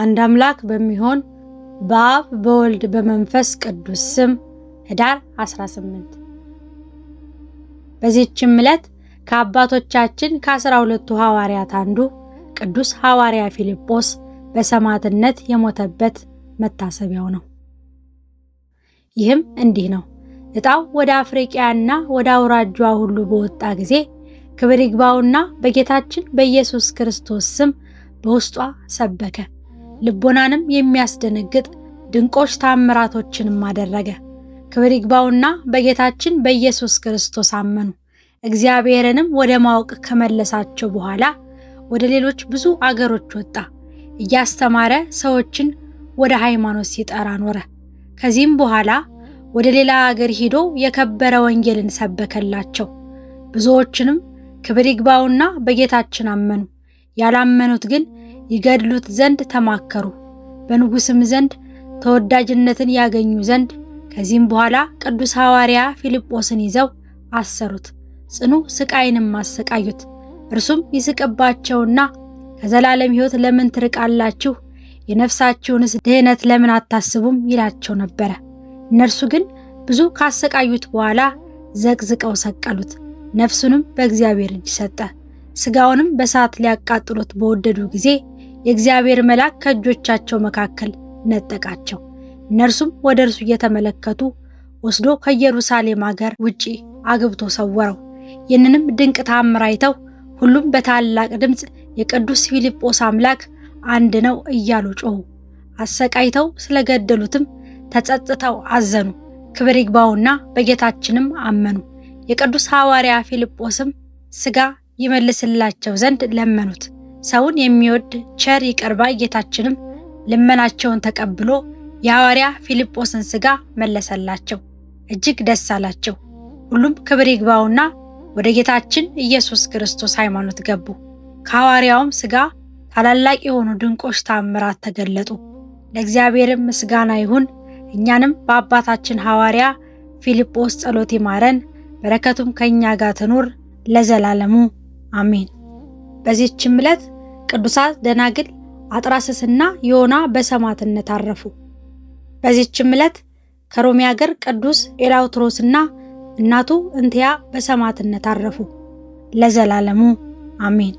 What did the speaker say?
አንድ አምላክ በሚሆን በአብ በወልድ በመንፈስ ቅዱስ ስም ህዳር 18 በዚህችም ዕለት ከአባቶቻችን ከአስራ ሁለቱ ሐዋርያት አንዱ ቅዱስ ሐዋርያ ፊልጶስ በሰማዕትነት የሞተበት መታሰቢያው ነው። ይህም እንዲህ ነው። ዕጣው ወደ አፍሪቅያና ወደ አውራጇ ሁሉ በወጣ ጊዜ ክብር ይግባውና በጌታችን በኢየሱስ ክርስቶስ ስም በውስጧ ሰበከ። ልቦናንም የሚያስደነግጥ ድንቆች ታምራቶችንም አደረገ። ክብር ይግባውና በጌታችን በኢየሱስ ክርስቶስ አመኑ። እግዚአብሔርንም ወደ ማወቅ ከመለሳቸው በኋላ ወደ ሌሎች ብዙ አገሮች ወጣ። እያስተማረ ሰዎችን ወደ ሃይማኖት ሲጠራ ኖረ። ከዚህም በኋላ ወደ ሌላ አገር ሂዶ የከበረ ወንጌልን ሰበከላቸው። ብዙዎችንም ክብር ይግባውና በጌታችን አመኑ። ያላመኑት ግን ይገድሉት ዘንድ ተማከሩ። በንጉስም ዘንድ ተወዳጅነትን ያገኙ ዘንድ ከዚህም በኋላ ቅዱስ ሐዋርያ ፊልጶስን ይዘው አሰሩት፣ ጽኑ ስቃይንም አሰቃዩት። እርሱም ይስቅባቸውና ከዘላለም ሕይወት ለምን ትርቃላችሁ? የነፍሳችሁንስ ድህነት ለምን አታስቡም? ይላቸው ነበረ። እነርሱ ግን ብዙ ካሰቃዩት በኋላ ዘቅዝቀው ሰቀሉት። ነፍሱንም በእግዚአብሔር እጅ ሰጠ። ሥጋውንም በሰዓት ሊያቃጥሉት በወደዱ ጊዜ የእግዚአብሔር መልአክ ከእጆቻቸው መካከል ነጠቃቸው። እነርሱም ወደ እርሱ እየተመለከቱ ወስዶ ከኢየሩሳሌም አገር ውጪ አግብቶ ሰወረው። ይህንንም ድንቅ ተአምር አይተው ሁሉም በታላቅ ድምፅ የቅዱስ ፊልጶስ አምላክ አንድ ነው እያሉ ጮኹ። አሰቃይተው ስለገደሉትም ተጸጽተው አዘኑ። ክብር ይግባውና በጌታችንም አመኑ። የቅዱስ ሐዋርያ ፊልጶስም ሥጋ ይመልስላቸው ዘንድ ለመኑት። ሰውን የሚወድ ቸር ይቅር ባይ ጌታችንም ልመናቸውን ተቀብሎ የሐዋርያ ፊልጶስን ሥጋ መለሰላቸው። እጅግ ደስ አላቸው። ሁሉም ክብር ይግባውና ወደ ጌታችን ኢየሱስ ክርስቶስ ሃይማኖት ገቡ። ከሐዋርያውም ሥጋ ታላላቅ የሆኑ ድንቆች ታምራት ተገለጡ። ለእግዚአብሔርም ምስጋና ይሁን። እኛንም በአባታችን ሐዋርያ ፊልጶስ ጸሎት ይማረን፣ በረከቱም ከእኛ ጋር ትኑር ለዘላለሙ አሜን። በዚህችም ዕለት ቅዱሳት ደናግል አጥራስስና ዮና በሰማዕትነት አረፉ። በዚህችም ዕለት ከሮሚ አገር ቅዱስ ኤላውትሮስና እናቱ እንትያ በሰማዕትነት አረፉ። ለዘላለሙ አሜን።